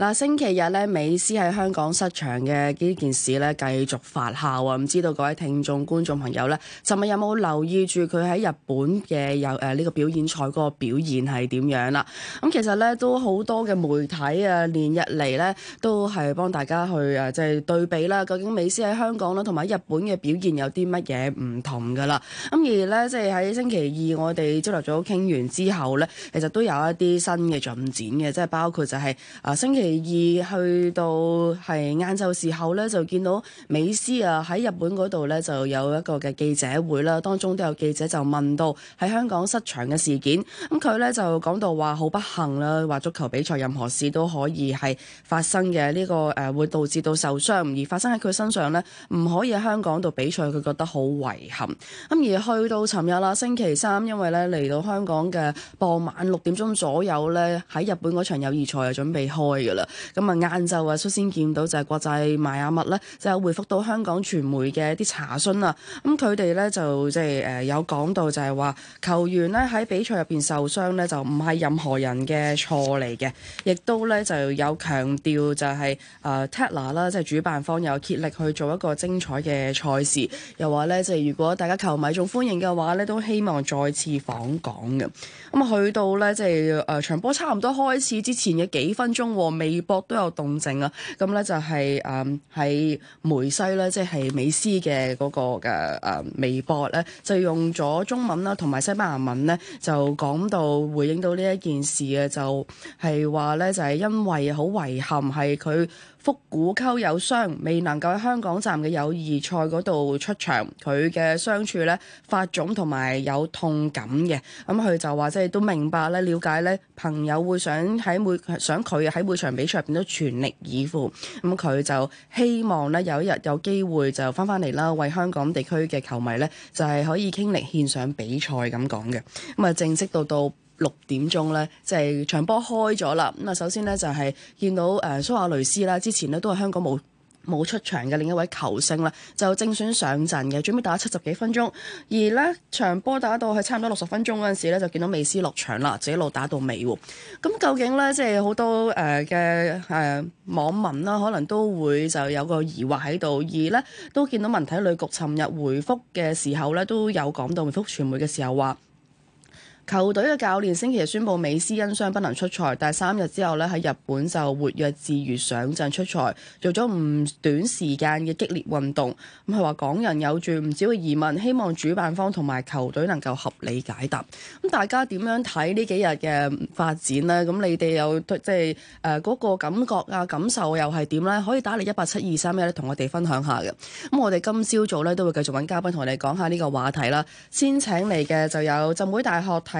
嗱，星期日呢，美斯喺香港失場嘅呢件事呢，繼續發酵啊！唔知道各位聽眾、觀眾朋友呢，尋日有冇留意住佢喺日本嘅有誒呢個表演賽嗰個表現係點樣啦？咁其實呢，都好多嘅媒體啊，連日嚟呢，都係幫大家去誒即係對比啦，究竟美斯喺香港啦同埋日本嘅表現有啲乜嘢唔同噶啦？咁而呢，即係喺星期二我哋朝頭早傾完之後呢，其實都有一啲新嘅進展嘅，即係包括就係啊星期二去到係晏晝時候咧，就見到美斯啊喺日本嗰度咧就有一個嘅記者會啦，當中都有記者就問到喺香港失場嘅事件，咁佢咧就講到話好不幸啦，話足球比賽任何事都可以係發生嘅呢、呢個誒、呃，會導致到受傷，而發生喺佢身上咧唔可以喺香港度比賽，佢覺得好遺憾。咁而去到尋日啦，星期三，因為咧嚟到香港嘅傍晚六點鐘左右咧，喺日本嗰場友誼賽就準備開嘅啦。咁啊，晏晝啊，率先見到就係國際邁阿密呢，就回覆到香港傳媒嘅一啲查詢啊。咁佢哋呢，就即係誒有講到就係話球員呢喺比賽入邊受傷呢，就唔係任何人嘅錯嚟嘅。亦都呢，就有強調就係誒 Tatler 啦，即係主辦方有竭力去做一個精彩嘅賽事。又話呢，即係如果大家球迷仲歡迎嘅話呢，都希望再次訪港嘅。咁啊，去到呢，即係誒場波差唔多開始之前嘅幾分鐘。微博都有動靜啊！咁咧就係誒喺梅西咧，即、就、係、是、美斯嘅嗰、那個嘅誒、嗯、微博咧，就用咗中文啦，同埋西班牙文咧，就講到回應到呢一件事嘅，就係話咧就係、是、因為好遺憾係佢腹股溝有傷未能夠喺香港站嘅友誼賽嗰度出場。佢嘅傷處咧發腫同埋有痛感嘅。咁佢就話即係都明白咧，了解咧，朋友會想喺每想佢喺每場，比賽變咗全力以赴，咁、嗯、佢就希望咧有一日有機會就返返嚟啦，為香港地區嘅球迷咧就係、是、可以傾力獻上比賽咁講嘅。咁啊、嗯，正式到到六點鐘咧，就係、是、場波開咗啦。咁、嗯、啊，首先咧就係、是、見到誒、呃、蘇亞雷斯啦，之前咧都係香港冇。冇出場嘅另一位球星啦，就正選上陣嘅，準備打七十幾分鐘，而呢場波打到去差唔多六十分鐘嗰陣時呢，就見到美斯落場啦，自己一路打到尾喎。咁究竟呢，即係好多誒嘅誒網民啦，可能都會就有個疑惑喺度，而呢都見到文體旅局尋日回覆嘅時候呢，都有講到回覆傳媒嘅時候話。球隊嘅教練星期日宣布美斯因傷不能出賽，但係三日之後咧，喺日本就活躍自如上陣出賽，做咗唔短時間嘅激烈運動。咁係話港人有住唔少嘅疑問，希望主辦方同埋球隊能夠合理解答。咁大家點樣睇呢幾日嘅發展呢？咁你哋有即係誒嗰個感覺啊，感受又係點呢？可以打嚟一八七二三一咧，同我哋分享下嘅。咁我哋今朝早呢，都會繼續揾嘉賓同我哋講下呢個話題啦。先請嚟嘅就有浸會大學體。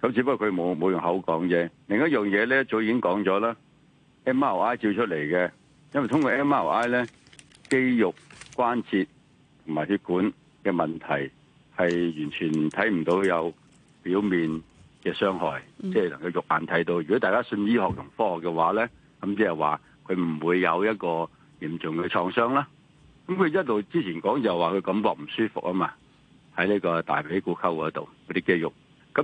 咁只不過佢冇冇用口講啫。另一樣嘢咧，早已經講咗啦。MRI 照出嚟嘅，因為通過 MRI 咧，肌肉、關節同埋血管嘅問題係完全睇唔到有表面嘅傷害，即係能夠肉眼睇到。如果大家信醫學同科學嘅話咧，咁即係話佢唔會有一個嚴重嘅創傷啦。咁佢一路之前講就話佢感覺唔舒服啊嘛，喺呢個大髀骨溝嗰度嗰啲肌肉。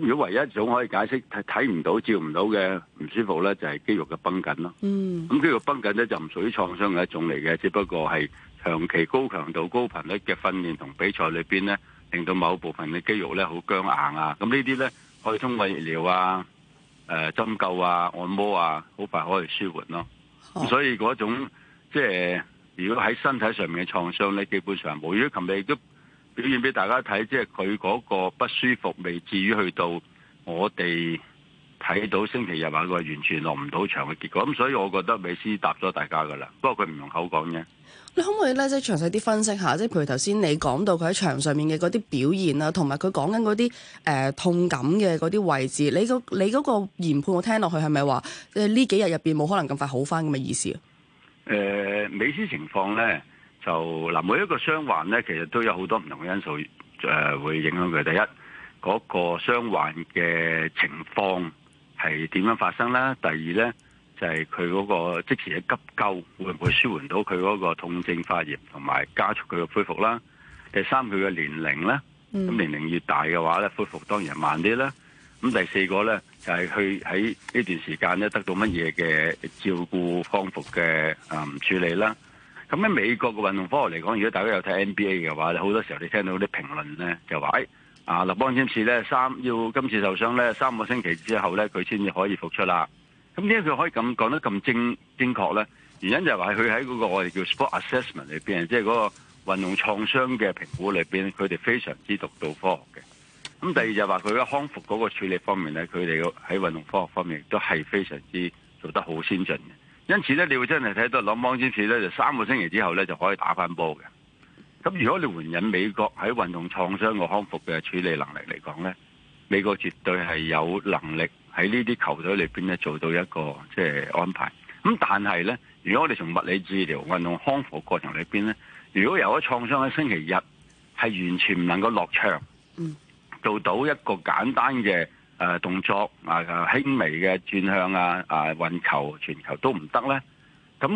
如果唯一一種可以解釋睇睇唔到、照唔到嘅唔舒服咧，就係、是、肌肉嘅崩緊咯。嗯，咁肌肉崩緊咧就唔屬於創傷嘅一種嚟嘅，只不過係長期高強度、高頻率嘅訓練同比賽裏邊咧，令到某部分嘅肌肉咧好僵硬啊。咁呢啲咧可以通過熱療啊、誒、呃、針灸啊、按摩啊，好快可以舒緩咯。咁、mm. 所以嗰種即係如果喺身體上面嘅創傷咧，基本上冇。如果琴日亦都。表現俾大家睇，即係佢嗰個不舒服未至於去到我哋睇到星期日晚，佢係完全落唔到場嘅結果。咁所以我覺得美斯答咗大家噶啦，不過佢唔用口講啫。你可唔可以咧即係詳細啲分析下，即係譬如頭先你講到佢喺場上面嘅嗰啲表現啊，同埋佢講緊嗰啲誒痛感嘅嗰啲位置，你、嗰個你嗰個研判我聽落去係咪話誒呢幾日入邊冇可能咁快好翻咁嘅意思？誒、呃，美斯情況咧。就嗱，每一個傷患咧，其實都有好多唔同嘅因素誒、呃，會影響佢。第一，嗰、嗰個傷患嘅情況係點樣發生啦？第二咧，就係佢嗰個即時嘅急救會唔會舒緩到佢嗰個痛症發炎同埋加速佢嘅恢復啦？第三，佢嘅年齡咧，咁年齡越大嘅話咧，恢復當然慢啲啦。咁第四個咧，就係佢喺呢段時間咧得到乜嘢嘅照顧康復嘅誒處理啦。咁喺美國嘅運動科學嚟講，如果大家有睇 NBA 嘅話，好多時候你聽到啲評論咧，就話誒啊，勒邦詹士咧三要今次受傷咧三個星期之後咧，佢先至可以復出啦。咁點解佢可以咁講得咁正正確咧？原因就係話佢喺嗰個我哋叫 sport assessment 裏面，即係嗰個運動創傷嘅評估裏面，佢哋非常之獨到科學嘅。咁第二就話佢嘅康復嗰個處理方面咧，佢哋喺運動科學方面都係非常之做得好先進嘅。因此咧，你會真係睇到朗邦之士咧，就三個星期之後咧，就可以打翻波嘅。咁如果你援引美國喺運動創傷個康復嘅處理能力嚟講咧，美國絕對係有能力喺呢啲球隊裏邊咧做到一個即係、就是、安排。咁但係咧，如果我哋從物理治療、運動康復過程裏邊咧，如果有咗創傷喺星期日係完全唔能夠落場，做到一個簡單嘅。誒動作啊，輕微嘅轉向啊、啊運球傳球都唔得呢。咁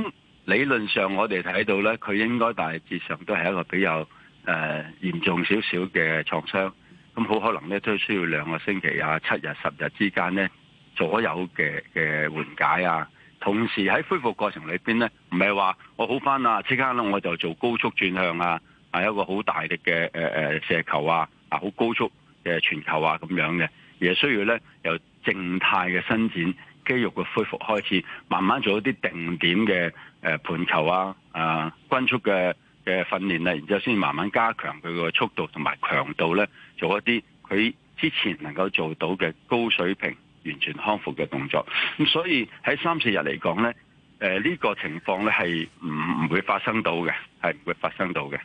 理論上我哋睇到呢，佢應該大致上都係一個比較誒、呃、嚴重少少嘅創傷，咁好可能呢，都需要兩個星期啊，七日十日之間呢，左右嘅嘅緩解啊，同時喺恢復過程裏邊呢，唔係話我好翻啊即刻呢，我就做高速轉向啊、啊一個好大力嘅誒、呃、射球啊、啊好高速嘅傳球啊咁樣嘅。也需要咧由靜態嘅伸展肌肉嘅恢復開始，慢慢做一啲定點嘅誒盤球啊、啊均速嘅嘅訓練啊，然之後先慢慢加強佢個速度同埋強度咧，做一啲佢之前能夠做到嘅高水平完全康復嘅動作。咁所以喺三四日嚟講咧，誒呢個情況咧係唔唔會發生到嘅，係唔會發生到嘅。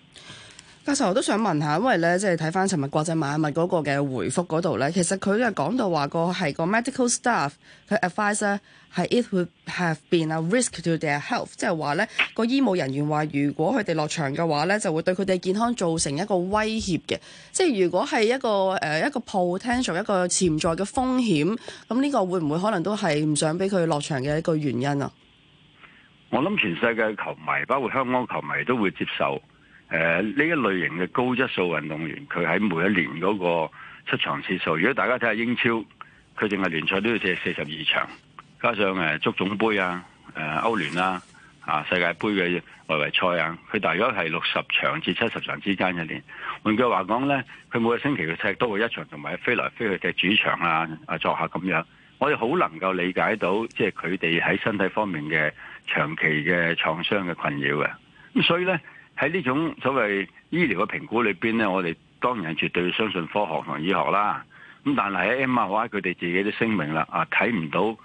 教授我都想問下，因為咧即係睇翻尋日國際邁阿密嗰個嘅回覆嗰度咧，其實佢係講到話、嗰個係個 medical staff 佢 advise 咧、uh, 係 it would have been a risk to their health，即係話咧個醫務人員話如果佢哋落場嘅話咧，就會對佢哋健康造成一個威脅嘅。即係如果係一個誒、呃、一個 potential 一個潛在嘅風險，咁呢個會唔會可能都係唔想俾佢落場嘅一個原因啊？我諗全世界球迷包括香港球迷都會接受。誒，呢、呃、一類型嘅高質素運動員，佢喺每一年嗰個出場次數，如果大家睇下英超，佢淨係聯賽都要踢四十二場，加上誒足總盃啊、誒歐聯啦、啊、啊、啊世界盃嘅外圍賽啊，佢大約係六十場至七十場之間一年。換句話講呢，佢每個星期嘅踢都會一場，同埋飛來飛去踢主場啊、啊作客咁樣。我哋好能夠理解到，即係佢哋喺身體方面嘅長期嘅創傷嘅困擾嘅、啊。咁所以呢。喺呢種所謂醫療嘅評估裏邊咧，我哋當然係絕對相信科學同醫學啦。咁但係喺 MRI 佢哋自己都聲明啦，啊睇唔到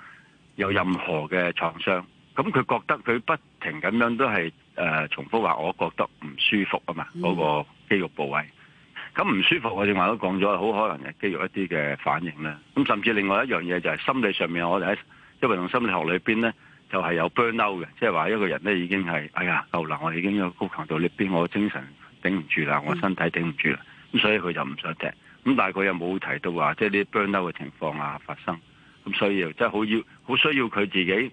有任何嘅創傷。咁佢覺得佢不停咁樣都係誒、呃、重複話，我覺得唔舒服啊嘛，嗰、那個肌肉部位。咁唔舒服我正話都講咗，好可能係肌肉一啲嘅反應咧。咁甚至另外一樣嘢就係心理上面，我哋喺因為同心理學裏邊咧。就係有 burnout 嘅，即係話一個人咧已經係，哎呀夠啦，我已經要高強到呢邊，我精神頂唔住啦，我身體頂唔住啦，咁所以佢就唔想踢，咁但係佢又冇提到話，即係啲 burnout 嘅情況啊發生，咁所以即係好要好需要佢自己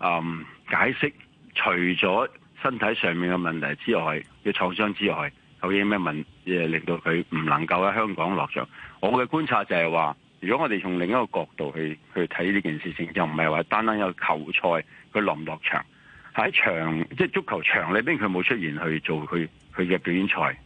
嗯解釋，除咗身體上面嘅問題之外，嘅創傷之外，究竟咩問題令到佢唔能夠喺香港落場。我嘅觀察就係話。如果我哋從另一個角度去去睇呢件事情，又唔係話單單有球賽佢落唔落場，喺場即足球場裏邊佢冇出現去做佢佢嘅表演賽，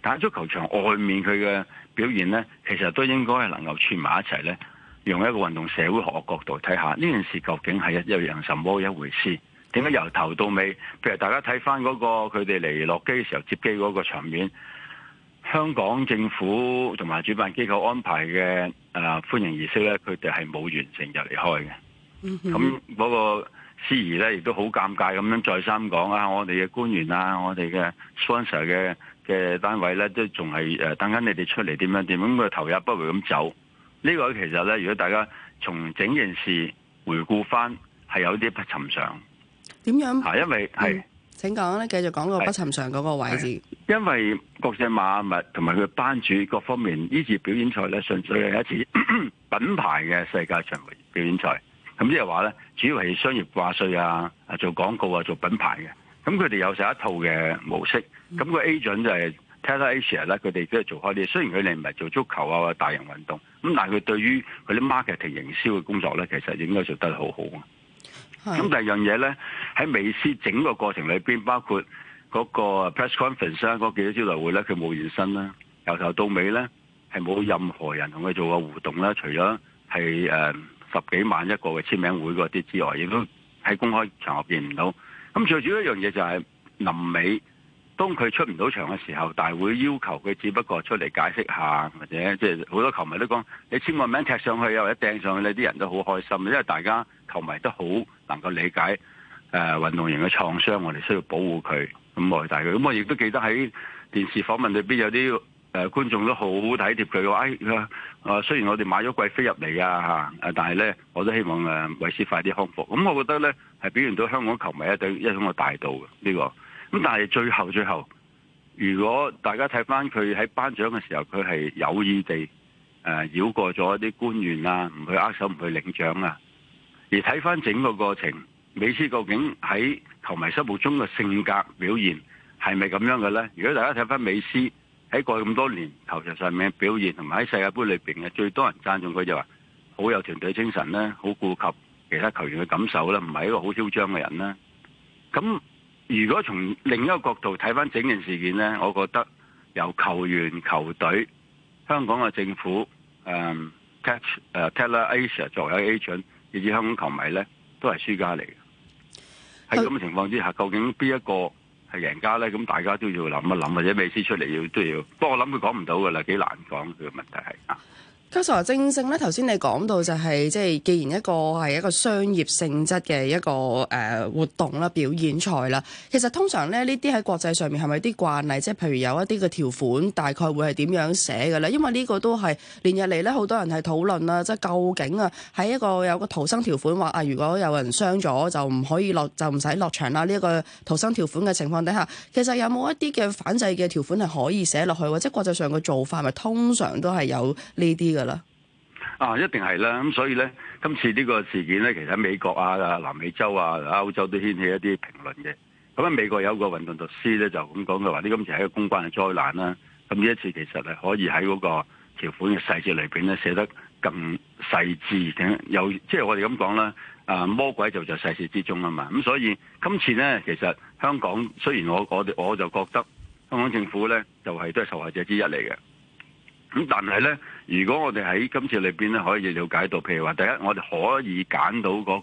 但係足球場外面佢嘅表現呢，其實都應該係能夠串埋一齊呢，用一個運動社會學嘅角度睇下呢件事究竟係一樣什麼一回事？點解由頭到尾，譬如大家睇翻嗰個佢哋嚟落機嘅時候接機嗰個場面，香港政府同埋主辦機構安排嘅。誒、啊，歡迎儀式咧，佢哋係冇完成就離開嘅。咁嗰、那個司儀咧，亦都好尷尬咁樣再三講啊！我哋嘅官員啊，我哋嘅 sponsor 嘅嘅單位咧，都仲係誒等緊你哋出嚟點樣點樣，佢頭也不回咁走。呢、這個其實咧，如果大家從整件事回顧翻，係有啲不尋常。點樣？啊，因為係。請講咧，繼續講個不尋常嗰個位置。因為國際邁阿密同埋佢班主各方面呢次表演賽咧，純粹係一次的 品牌嘅世界巡迴表演賽。咁即係話咧，主要係商業掛帥啊，做廣告啊，做品牌嘅。咁佢哋有成一套嘅模式。咁的個 agent 就係 Taylor Asia 咧，佢哋都係做開啲。雖然佢哋唔係做足球啊，或者大型運動咁，但係佢對於佢啲 marketing 營銷嘅工作咧，其實應該做得好好啊。咁第二樣嘢咧，喺美斯整個過程裏邊，包括嗰個 press conference 嗰幾多招待會咧，佢冇現身啦。由頭到尾咧，係冇任何人同佢做過互動啦，除咗係誒十幾萬一個嘅簽名會嗰啲之外，亦都喺公開場合見唔到。咁最主要一樣嘢就係臨尾。當佢出唔到場嘅時候，大會要求佢只不過出嚟解釋下，或者即係好多球迷都講：你簽個名踢上去，又或者掟上去你啲人都好開心，因為大家球迷都好能夠理解誒運、呃、動員嘅創傷，我哋需要保護佢，咁我愛戴佢。咁、嗯、我亦都記得喺電視訪問裏邊有啲誒、呃、觀眾都好體貼佢話：誒啊、哎呃，雖然我哋買咗貴飛入嚟啊，但係咧，我都希望誒、呃、持快啲康復。咁、嗯、我覺得咧係表現到香港球迷一對一種嘅大度嘅呢個咁但係最後最後，如果大家睇翻佢喺頒獎嘅時候，佢係有意地誒繞過咗一啲官員啊，唔去握手，唔去領獎啊。而睇翻整個過程，美斯究竟喺球迷心目中嘅性格表現係咪咁樣嘅呢？如果大家睇翻美斯喺過去咁多年球場上面嘅表現，同埋喺世界杯裏邊嘅最多人讚頌佢就話、是，好有團隊精神呢，好顧及其他球員嘅感受呢，唔係一個好囂張嘅人呢。咁如果從另一個角度睇翻整件事件呢，我覺得由球員、球隊、香港嘅政府、誒、嗯、Catch、誒、uh, Tella Asia 作為一個 agent 以至香港球迷呢，都係輸家嚟嘅。喺咁嘅情況之下，究竟邊一個係贏家呢？咁大家都要諗一諗，或者美斯出嚟要都要，想他不過我諗佢講唔到㗎啦，幾難講佢嘅問題係啊。教授，正正咧，頭先你講到就係即係既然一個係一個商業性質嘅一個誒、呃、活動啦，表演賽啦，其實通常咧呢啲喺國際上面係咪啲慣例？即係譬如有一啲嘅條款，大概會係點樣寫嘅咧？因為呢個都係連日嚟咧，好多人係討論啦，即、就、係、是、究竟啊喺一個有一個逃生條款，話啊，如果有人傷咗就唔可以落，就唔使落場啦。呢、這、一個逃生條款嘅情況底下，其實有冇一啲嘅反制嘅條款係可以寫落去，或者國際上嘅做法，咪通常都係有呢啲嘅？啦，啊，一定係啦，咁所以咧，今次呢個事件咧，其實喺美國啊、南美洲啊、歐洲都掀起一啲評論嘅。咁啊，美國有一個運動律師咧，就咁講嘅話，呢今次係一個公關嘅災難啦。咁呢一次其實係可以喺嗰個條款嘅細節裏邊咧，寫得咁細緻嘅。有即係我哋咁講啦，啊，魔鬼就在細節之中啊嘛。咁所以今次咧，其實香港雖然我我哋我就覺得香港政府咧，就係、是、都係受害者之一嚟嘅。咁但係咧，如果我哋喺今次裏面咧，可以了解到，譬如話，第一，我哋可以揀到嗰、那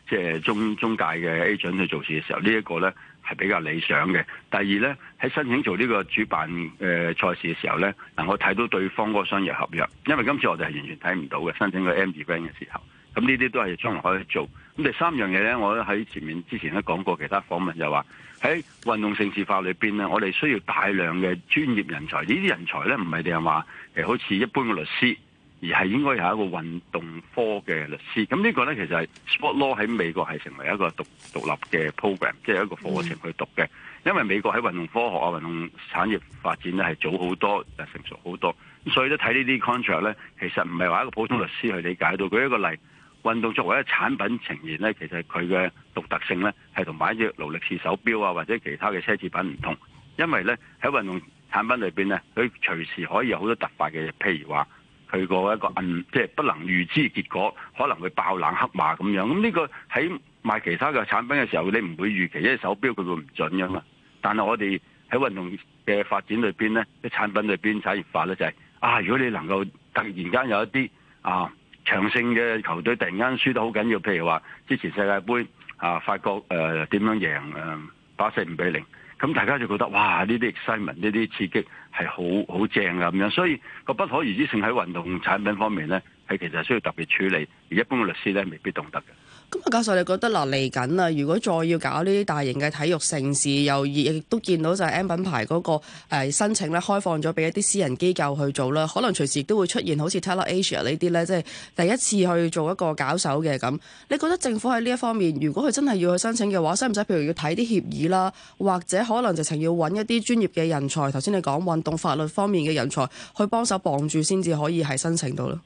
個即係中中介嘅 agent 去做事嘅時候，這個、呢一個咧係比較理想嘅。第二咧，喺申請做呢個主辦誒賽、呃、事嘅時候咧，能夠睇到對方嗰個商業合約，因為今次我哋係完全睇唔到嘅申請個 m d v a n 嘅時候，咁呢啲都係將來可以做。咁第三樣嘢咧，我喺前面之前都講過其他訪問就話。喺運動城市化裏邊咧，我哋需要大量嘅專業人才。呢啲人才咧，唔係你係話誒好似一般嘅律師，而係應該係一個運動科嘅律師。咁呢個咧，其實係 sport law 喺美國係成為一個獨獨立嘅 program，即係一個課程去讀嘅。嗯、因為美國喺運動科學啊、運動產業發展咧係早好多，又成熟好多，咁所以咧睇呢啲 contract 咧，其實唔係話一個普通律師去理解到。舉一個例。運動作為一個產品呈現咧，其實佢嘅獨特性咧係同買隻勞力士手錶啊或者其他嘅奢侈品唔同，因為咧喺運動產品裏面咧，佢隨時可以有好多突發嘅嘢，譬如話佢個一個即係、就是、不能預知結果，可能會爆冷黑馬咁樣。咁呢個喺賣其他嘅產品嘅時候，你唔會預期，一手錶佢會唔準噶嘛。但係我哋喺運動嘅發展裏面咧，啲產品裏面產業化咧就係、是、啊，如果你能夠突然間有一啲啊～長勝嘅球隊突然間輸得好緊要，譬如話之前世界杯啊，法國誒點、呃、樣贏誒巴西五比零，咁大家就覺得哇呢啲 excitement 呢啲刺激係好好正嘅咁樣，所以個不可預知性喺運動產品方面咧，係其實需要特別處理，而一般律師咧未必懂得嘅。咁啊，教授，你覺得嗱嚟緊啊，如果再要搞呢啲大型嘅體育盛事，又亦都見到就係 M 品牌嗰、嗰個、呃、申請咧，開放咗俾一啲私人機構去做啦，可能隨時都會出現好似 Tatler Asia 呢啲咧，即係第一次去做一個搞手嘅咁。你覺得政府喺呢一方面，如果佢真係要去申請嘅話，使唔使譬如要睇啲協議啦，或者可能直情要揾一啲專業嘅人才？頭先你講運動法律方面嘅人才去幫手綁住先至可以係申請到咯。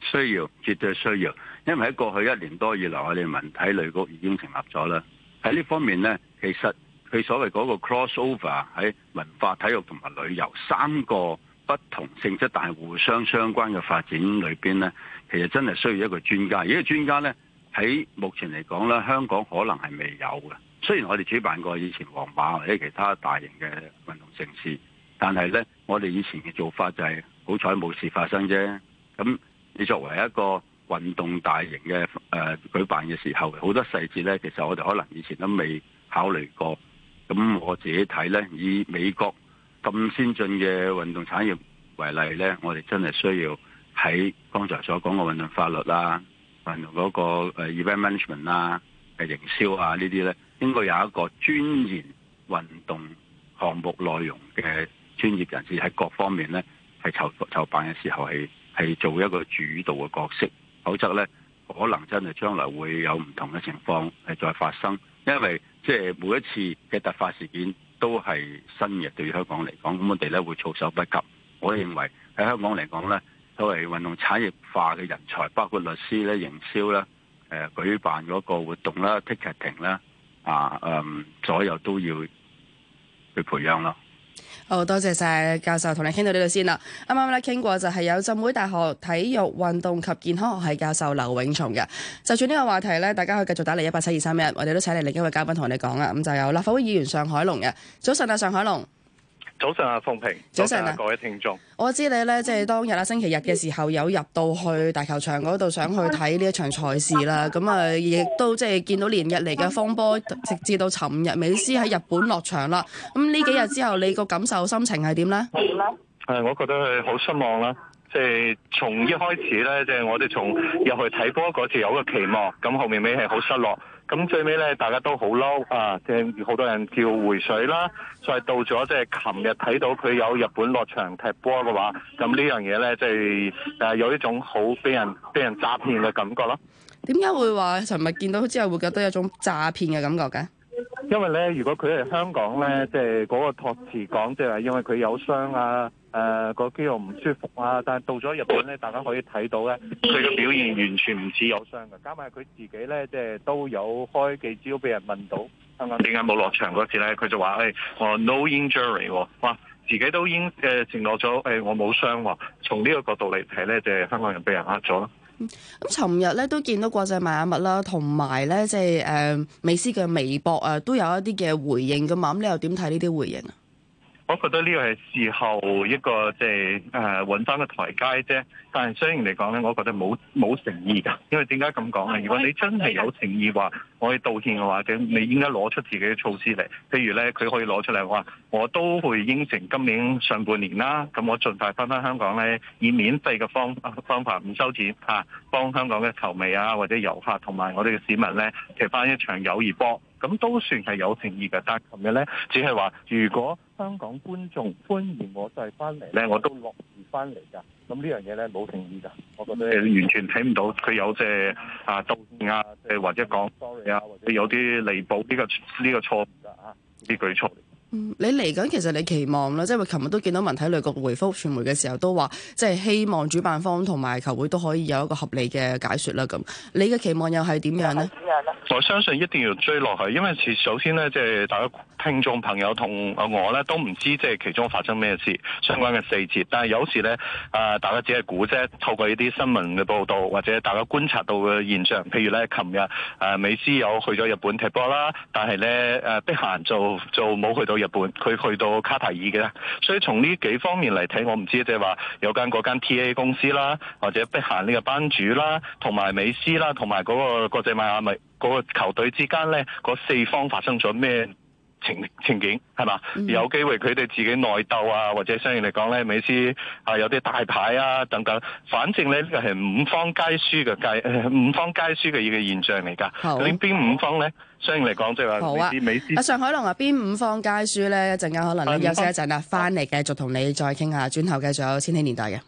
需要，絕對需要，因為喺過去一年多以來我哋文體旅局已經成立咗啦。喺呢方面呢，其實佢所謂嗰個 cross over 喺文化、體育同埋旅遊三個不同性質但係互相相關嘅發展裏邊呢，其實真係需要一個專家。呢個專家呢，喺目前嚟講呢，香港可能係未有嘅。雖然我哋主辦過以前皇馬或者其他大型嘅運動城市，但係呢，我哋以前嘅做法就係、是、好彩冇事發生啫。咁你作為一個運動大型嘅誒、呃、舉辦嘅時候，好多細節呢，其實我哋可能以前都未考慮過。咁我自己睇呢，以美國咁先進嘅運動產業為例呢，我哋真係需要喺剛才所講嘅運動法律啦、啊、運動嗰個誒、e、event management 啊嘅營銷啊呢啲呢，應該有一個專研運動項目內容嘅專業人士喺各方面呢，係籌籌辦嘅時候係，係做一個主導嘅角色，否則呢，可能真係將來會有唔同嘅情況係再發生，因為即係每一次嘅突發事件都係新嘅，對於香港嚟講，咁我哋呢，會措手不及。我認為喺香港嚟講呢，作為運動產業化嘅人才，包括律師呢、營銷呢、誒、呃、舉辦嗰個活動啦、ticketing 啦啊，嗯，所有都要去培養咯。好、哦、多謝晒教授同你傾到剛剛呢度先啦。啱啱咧傾過就係有浸會大學體育、運動及健康學系教授劉永松嘅，就住呢個話題咧，大家可以繼續打嚟一八七二三一，我哋都請嚟另一位嘉賓同我哋講啊。咁就有立法會議員尚海龍嘅，早晨啊，尚海龍。早上啊，鳳平，早晨啊，早上啊各位聽眾，我知你咧，即係當日啦，星期日嘅時候有入到去大球場嗰度，想去睇呢一場賽事啦。咁啊，亦都即係見到連日嚟嘅風波，直至到尋日美斯喺日本落場啦。咁呢幾日之後，你個感受心情係點咧？嗯，我覺得係好失望啦。即係從一開始咧，即係我哋從入去睇波嗰次有個期望，咁後面尾係好失落。咁最尾咧，大家都好嬲啊！即係好多人叫回水啦。再到咗即係琴日睇到佢有日本落場踢波嘅話，咁呢樣嘢咧，即係誒有一種好俾人俾人詐騙嘅感覺咯。點解會話？尋日見到之後，會覺得有種詐騙嘅感覺嘅？因為咧，如果佢係香港咧，即係嗰個託詞講，即係話因為佢有傷啊，誒、呃，個肌肉唔舒服啊，但係到咗日本咧，大家可以睇到咧，佢嘅表現完全唔似有傷嘅，加埋佢自己咧，即、就、係、是、都有開記招俾人問到香港人，點點解冇落場嗰時咧？佢就話誒、哎，我 no injury，哇，自己都已經誒承諾咗，誒、哎，我冇傷，啊。從呢個角度嚟睇咧，即、就、係、是、香港人俾人呃咗。咁尋日咧都見到國際邁阿密啦，同埋咧即係誒美斯嘅微博啊，都有一啲嘅回應㗎嘛，咁你又點睇呢啲回應？我覺得呢個係事後一個即係誒揾翻個台階啫，但係雖然嚟講咧，我覺得冇冇誠意㗎，因為點解咁講咧？如果你真係有誠意話，我去道歉嘅話，你應該攞出自己嘅措施嚟，譬如咧，佢可以攞出嚟話，我都會應承今年上半年啦，咁我盡快翻翻香港咧，以免費嘅方方法唔收錢嚇，啊，幫香港嘅球迷啊或者遊客同埋我哋嘅市民咧踢翻一場友誼波。咁都算係有誠意嘅，但係琴日咧，只係話如果香港觀眾歡迎我再翻嚟咧，我都，都樂意翻嚟㗎。咁呢樣嘢咧，冇誠意㗎，我覺得你完全睇唔到佢有即係啊道歉啊，或者講 sorry 啊，或者有啲彌補呢個呢、呢個錯誤嘅啲舉措。啊。嗯，你嚟緊，其實你期望啦，即係我琴日都見到文體旅局回覆傳媒嘅時候都話，即係希望主辦方同埋球會都可以有一個合理嘅解說啦。咁你嘅期望又係點樣呢？點樣呢？我相信一定要追落去，因為首先呢，即係大家。聽眾朋友同我咧都唔知即係其中發生咩事，相關嘅細節。但係有時咧，啊、呃、大家只係估啫。透過呢啲新聞嘅報道或者大家觀察到嘅現象，譬如咧，琴日啊，美斯有去咗日本踢波啦，但係咧，啊、呃，碧咸就就冇去到日本，佢去到卡塔爾嘅。所以從呢幾方面嚟睇，我唔知即係話有間嗰間 T A 公司啦，或者碧咸呢個班主啦，同埋美斯啦，同埋嗰個國際邁阿密嗰個球隊之間咧，嗰四方發生咗咩？情情景係嘛，嗯、有機會佢哋自己內鬥啊，或者相應嚟講咧，美斯啊有啲大牌啊等等，反正咧呢個係五方皆輸嘅皆，五方皆輸嘅嘅現象嚟噶。咁邊、啊、五方咧？相應嚟講即係話美斯、美斯、啊、尚海龍啊，邊五方皆輸咧？一陣間可能咧，休息一陣啦，翻嚟繼續同你再傾下，轉頭繼續有千禧年代嘅。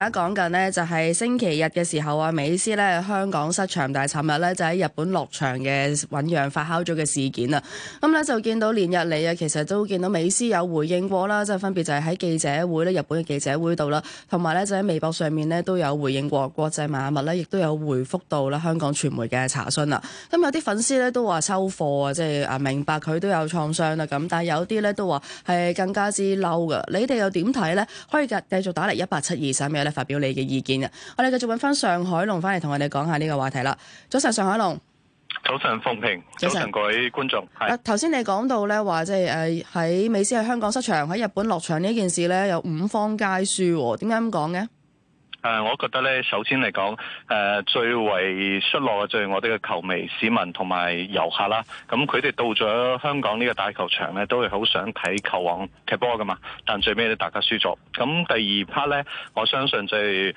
而家講緊呢，就係星期日嘅時候啊，美斯呢，香港失場，但係尋日呢，就喺日本落場嘅醞釀發酵咗嘅事件啦。咁、嗯、呢，就見到連日嚟啊，其實都見到美斯有回應過啦，即係分別就係喺記者會呢，日本嘅記者會度啦，同埋呢，就喺微博上面呢，都有回應過國際邁阿密呢，亦都有回覆到啦香港傳媒嘅查詢啦。咁、嗯、有啲粉絲呢，都話收貨啊，即係啊明白佢都有創傷啦咁，但係有啲呢，都話係更加之嬲噶。你哋又點睇呢？可以繼繼續打嚟一八七二三發表你嘅意見，我哋繼續揾翻尚海龍翻嚟同我哋講下呢個話題啦。早晨，尚海龍，早晨，奉平，早晨上各位觀眾。頭先上是、啊、你講到咧，話即係誒喺美斯喺香港失場，喺日本落場呢件事咧，有五方皆輸，哦，點解咁講嘅？誒，uh，我覺得咧，首先嚟講，誒、呃，最為失落嘅就係我哋嘅球迷、市民同埋遊客啦。咁佢哋到咗香港呢個大球場咧，都係好想睇球王踢波噶嘛。但最尾咧，大家輸咗。咁第二 part 咧，我相信就係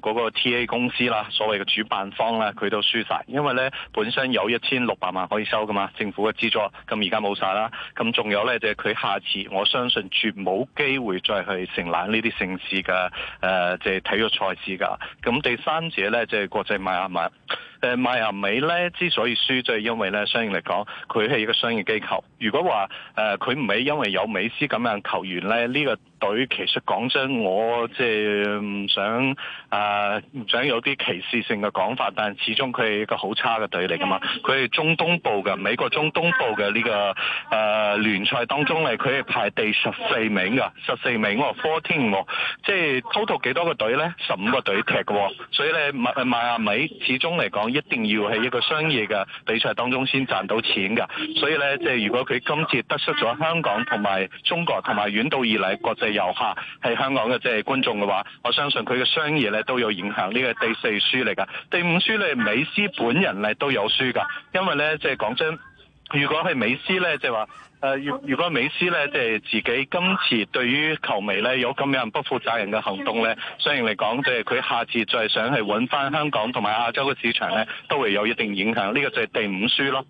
嗰個 T.A. 公司啦，所謂嘅主辦方啦，佢都輸晒，因為咧本身有一千六百萬可以收噶嘛，政府嘅資助。咁而家冇晒啦。咁仲有咧就係、是、佢下次，我相信絕冇機會再去承攬呢啲城市嘅誒，即、呃、係、就是、體育。賽事㗎，咁第三者咧就係國際邁阿密。誒邁亞美咧之所以輸，就係因為咧，相應嚟講，佢係一個商業機構。如果話誒佢唔係因為有美斯咁樣球員咧，呢個隊其實講真，我即係唔想誒唔想有啲歧視性嘅講法，但係始終佢係一個好差嘅隊嚟㗎嘛。佢係中東部嘅美國中東部嘅呢個誒聯賽當中嚟，佢係排第十四名㗎，十四名喎，fourteen 喎。即係 total 幾多個隊咧？十五個隊踢嘅，哦，所以咧邁誒邁亞美始終嚟講。一定要喺一個商業嘅比賽當中先賺到錢㗎，所以呢，即係如果佢今次得失咗香港同埋中國同埋遠道而嚟國際遊客係香港嘅即係觀眾嘅話，我相信佢嘅商業呢都有影響。呢個第四輸嚟㗎，第五輸呢，美斯本人呢都有輸㗎，因為呢，即係講真。如果係美斯咧，即係話，誒、呃，如如果美斯咧，即係自己今次對於球迷咧有咁樣不負責任嘅行動咧，相應嚟講，即係佢下次再想係搵返香港同埋亞洲嘅市場咧，都會有一定影響。呢個就係第五輸咯。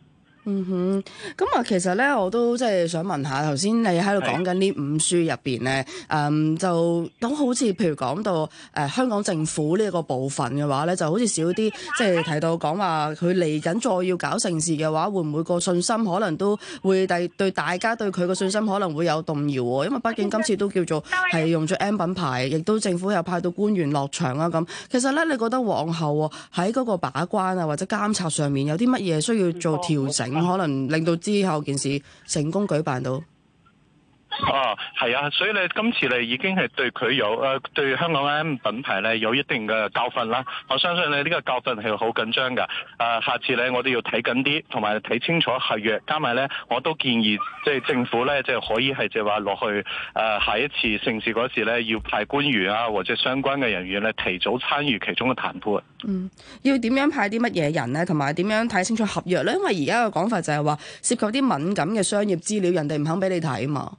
嗯哼，咁啊，其實咧我都即係想問下，頭先你喺度講緊呢五書入邊咧，的嗯，就都好似譬如講到誒香港政府呢個部分嘅話咧，就好似少啲即係提到講話佢嚟緊再要搞城市嘅話會唔會個信心可能都會第對大家對佢個信心可能會有動搖，喎？因為畢竟今次都叫做係用咗 M 品牌，亦都政府又派到官員落場啊咁。其實咧，你覺得往後喺嗰個把關啊或者監察上面有啲乜嘢需要做調整？可能令到之後件事成功舉辦到。哦，係啊，所以咧，今次咧已經係對佢有誒，對香港 M 品牌咧有一定嘅教訓啦。我相信咧呢個教訓係好緊張㗎。誒，下次咧我都要睇緊啲，同埋睇清楚合約。加埋咧，我都建議即係政府咧，即係可以係即係話落去誒，下一次盛事嗰時咧，要派官員啊或者相關嘅人員咧，提早參與其中嘅談判。嗯，要點樣派啲乜嘢人咧？同埋點樣睇清楚合約咧？因為而家嘅講法就係話涉及啲敏感嘅商業資料，人哋唔肯俾你睇嘛。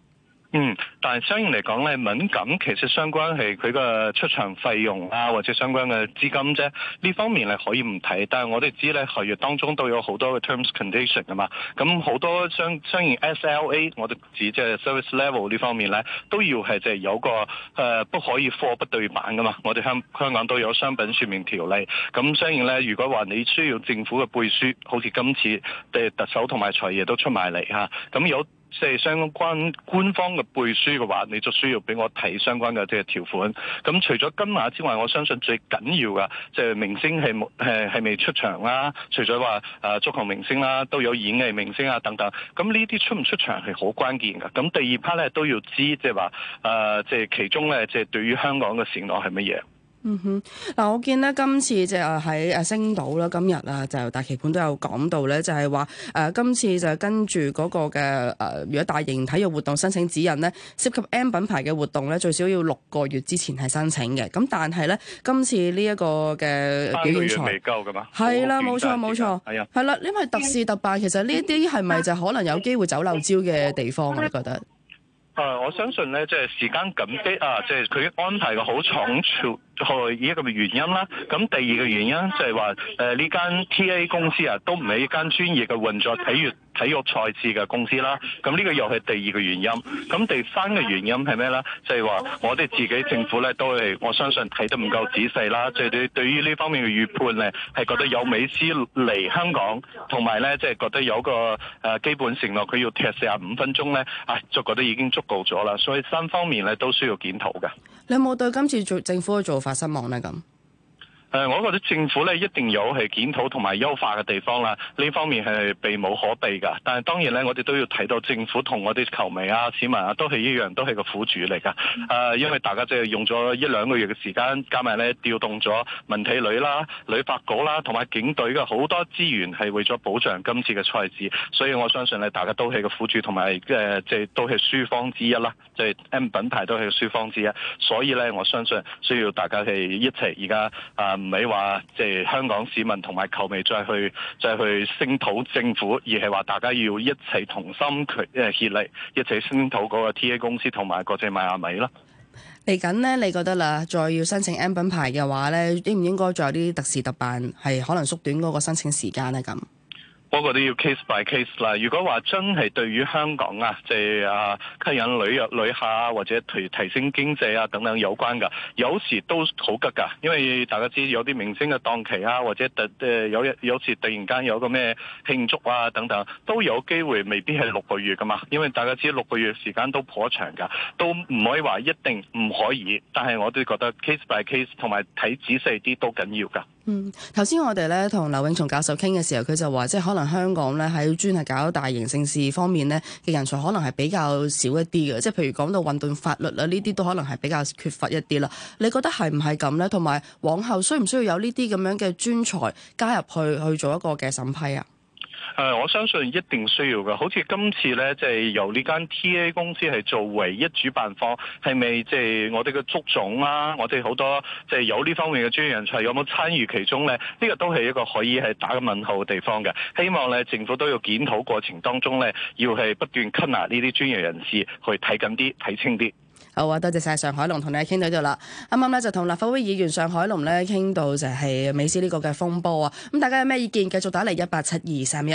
嗯，但係相應嚟講咧，敏感其實相關係佢個出場費用啊，或者相關嘅資金啫。呢方面咧可以唔睇，但係我哋知咧學業當中都有好多嘅 terms condition 噶嘛。咁好多相相應 SLA，我哋指即係 service level 呢方面咧，都要係即係有個誒、呃、不可以貨不對版噶嘛。我哋香香港都有商品說明條例。咁相應咧，如果話你需要政府嘅背書，好似今次誒特首同埋財爺都出埋嚟吓。咁、啊、有。即係相關官方嘅背書嘅話，你就需要俾我睇相關嘅即係條款。咁除咗金額之外，我相信最緊要嘅即係明星係冇未出場啦、啊。除咗話足球明星啦、啊，都有演藝明星啊等等。咁呢啲出唔出場係好關鍵嘅。咁第二 part 咧都要知，即係話誒，即、呃、係其中咧，即、就、係、是、對於香港嘅承諾係乜嘢？嗯哼，嗱、啊，我見咧今次就喺誒星島啦，今日、就是、啊，就大棋盤都有講到咧，就係話誒今次就跟住嗰個嘅誒、啊，如果大型體育活動申請指引咧，涉及 M 品牌嘅活動咧，最少要六個月之前係申請嘅。咁但係呢，今次呢一個嘅表演賽未夠噶嘛？係啦、啊，冇錯冇錯，係啊，啦，因為特事特辦，其實呢啲係咪就是可能有機會走漏招嘅地方我、啊、覺得？啊、我相信咧，即、就、係、是、時間緊迫啊，即係佢安排嘅好匆促，係依一個原因啦。咁第二個原因就係話，誒、呃、呢間 T A 公司啊，都唔係一間專業嘅運作體育。體育賽事嘅公司啦，咁呢個又係第二個原因。咁第三個原因係咩呢？就係話我哋自己政府呢，都係我相信睇得唔夠仔細啦。最對對於呢方面嘅預判呢，係覺得有美斯嚟香港，同埋呢，即係覺得有個誒基本承諾，佢要踢四十五分鐘呢，唉，足夠都已經足夠咗啦。所以三方面呢，都需要檢討㗎。你有冇對今次做政府嘅做法失望呢？咁？誒，我覺得政府咧一定有係檢討同埋優化嘅地方啦，呢方面係避無可避噶。但係當然咧，我哋都要睇到政府同我哋球迷啊、市民啊都係一樣，都係個苦主嚟噶。誒、呃，因為大家即係用咗一兩個月嘅時間，加埋咧調動咗文體旅啦、旅發局啦，同埋警隊嘅好多資源係為咗保障今次嘅賽事，所以我相信咧，大家都係個苦主，同埋誒即係都係輸方之一啦。即係 M 品牌都係輸方之一，所以咧，我相信需要大家係一齊而家啊。呃唔係話，即係香港市民同埋球迷再去再去聲討政府，而係話大家要一齊同心協力，一齊聲討嗰個 TA 公司同埋國際邁阿密啦。嚟緊呢，你覺得啦，再要申請 M 品牌嘅話呢，應唔應該再有啲特事特辦，係可能縮短嗰個申請時間呢？咁。不過都要 case by case 啦。如果話真係對於香港啊，即係啊吸引旅遊旅客啊，或者提提升經濟啊等等有關噶，有時都好急噶。因為大家知有啲明星嘅檔期啊，或者突有有時突然間有個咩慶祝啊等等，都有機會未必係六個月噶嘛。因為大家知六個月時間都頗長噶，都唔可以話一定唔可以。但係我都覺得 case by case 同埋睇仔細啲都緊要噶。嗯，頭先我哋咧同劉永松教授傾嘅時候，佢就話即可能香港咧喺專係搞大型盛事方面咧嘅人才，可能係比較少一啲嘅，即譬如講到運動法律啦呢啲都可能係比較缺乏一啲啦。你覺得係唔係咁咧？同埋往後需唔需要有呢啲咁樣嘅專才加入去去做一個嘅審批啊？誒、啊，我相信一定需要嘅，好似今次咧，即、就、係、是、由呢間 TA 公司係做唯一主辦方，係咪即係我哋嘅足總啊？我哋好多即係有呢方面嘅專業人才有冇參與其中咧？呢、這個都係一個可以係打個問號嘅地方嘅。希望咧政府都要檢討過程當中咧，要係不斷吸納呢啲專業人士去睇緊啲、睇清啲。好啊！多謝晒尚海龍，同你傾到呢度啦。啱啱咧就同立法會議員尚海龍咧傾到就係美斯呢個嘅風波啊！咁大家有咩意見，繼續打嚟，一八七二三一。